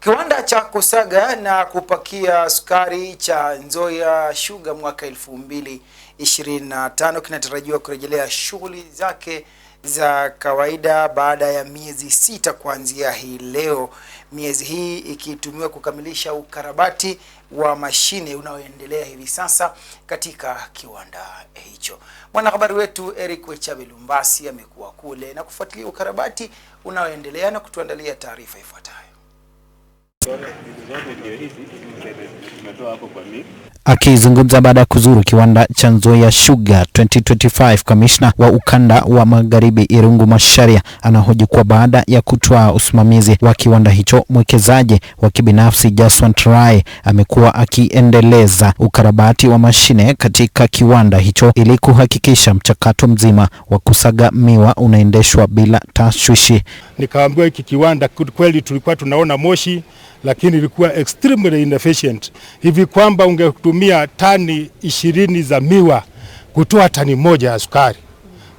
Kiwanda cha kusaga na kupakia sukari cha Nzoia Sugar mwaka 2025 kinatarajiwa kurejelea shughuli zake za kawaida baada ya miezi sita kuanzia hii leo, miezi hii ikitumiwa kukamilisha ukarabati wa mashine unaoendelea hivi sasa katika kiwanda hicho. Mwanahabari wetu Eric Wechabe Lumbasi amekuwa kule na kufuatilia ukarabati unaoendelea na kutuandalia taarifa ifuatayo. Akizungumza baada ya kuzuru kiwanda cha Nzoia Sugar 2025, kamishna wa ukanda wa magharibi Irungu Macharia anahoji kuwa baada ya kutoa usimamizi wa kiwanda hicho, mwekezaji wa kibinafsi Jaswant Rai amekuwa akiendeleza ukarabati wa mashine katika kiwanda hicho ili kuhakikisha mchakato mzima wa kusaga miwa unaendeshwa bila tashwishi nikaambiwa hiki kiwanda kweli tulikuwa tunaona moshi, lakini ilikuwa extremely inefficient, hivi kwamba ungetumia tani ishirini za miwa kutoa tani moja ya sukari.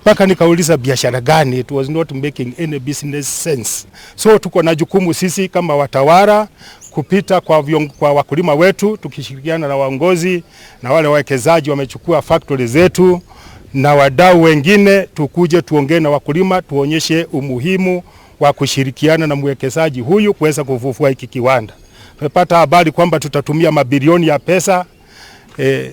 Mpaka nikauliza biashara gani? It was not making any business sense. So tuko na jukumu sisi kama watawala kupita kwa, vion, kwa wakulima wetu tukishirikiana na waongozi na wale wawekezaji wamechukua factory zetu na wadau wengine, tukuje tuongee na wakulima, tuonyeshe umuhimu kwa kushirikiana na mwekezaji huyu kuweza kufufua hiki kiwanda. Tumepata habari kwamba tutatumia mabilioni ya pesa eh,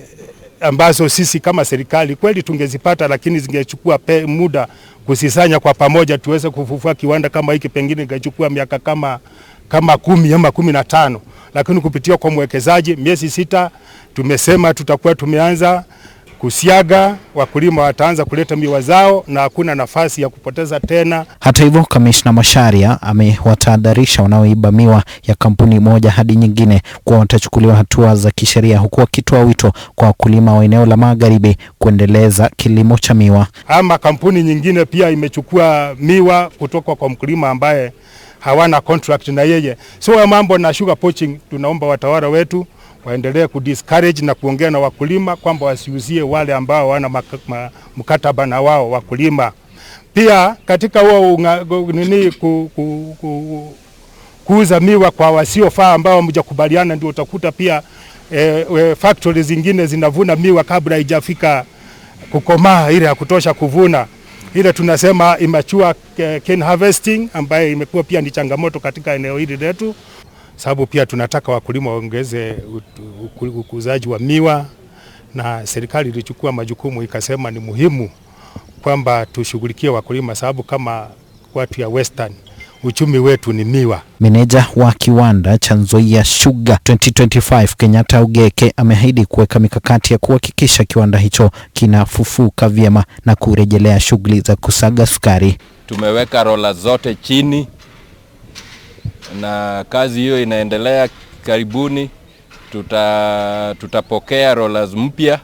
ambazo sisi kama serikali kweli tungezipata, lakini zingechukua muda kusisanya kwa pamoja tuweze kufufua kiwanda kama hiki, pengine ingechukua miaka kama kama kumi ama kumi na tano, lakini kupitia kwa mwekezaji miezi sita tumesema tutakuwa tumeanza kusiaga, wakulima wataanza kuleta miwa zao na hakuna nafasi ya kupoteza tena. Hata hivyo, Kamishna Masharia amewatahadharisha wanaoiba miwa ya kampuni moja hadi nyingine kuwa watachukuliwa hatua za kisheria, huku wakitoa wito kwa wakulima wa eneo la magharibi kuendeleza kilimo cha miwa. Ama kampuni nyingine pia imechukua miwa kutoka kwa mkulima ambaye hawana contract na yeye, so mambo na sugar poaching. Tunaomba watawala wetu waendelee kudiscourage na kuongea na wakulima kwamba wasiuzie wale ambao wana mkataba na wao wakulima. Pia katika huo nini ku, ku, ku, kuuza miwa kwa wasiofaa ambao hamjakubaliana, ndio utakuta pia e, e, factory zingine zinavuna miwa kabla haijafika kukomaa ile ya kutosha kuvuna ile tunasema immature e, cane harvesting ambayo imekuwa pia ni changamoto katika eneo hili letu sababu pia tunataka wakulima waongeze ukuzaji wa miwa, na serikali ilichukua majukumu ikasema ni muhimu kwamba tushughulikie wakulima, sababu kama watu ya Western uchumi wetu ni miwa. Meneja wa kiwanda cha Nzoia Sugar 2025 Kenyatta Ugeke ameahidi kuweka mikakati ya kuhakikisha kiwanda hicho kinafufuka vyema na kurejelea shughuli za kusaga sukari. Tumeweka rola zote chini na kazi hiyo inaendelea. Karibuni tuta, tutapokea rollers mpya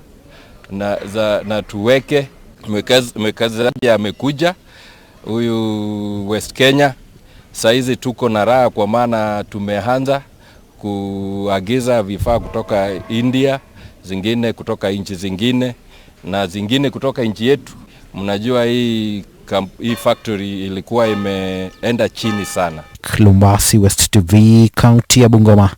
na, za, na tuweke mwekezaji amekuja huyu West Kenya. Saizi tuko na raha kwa maana tumeanza kuagiza vifaa kutoka India, zingine kutoka nchi zingine na zingine kutoka nchi yetu. Mnajua hii hii factory ilikuwa imeenda chini sana. Lumbasi, West TV, kaunti ya Bungoma.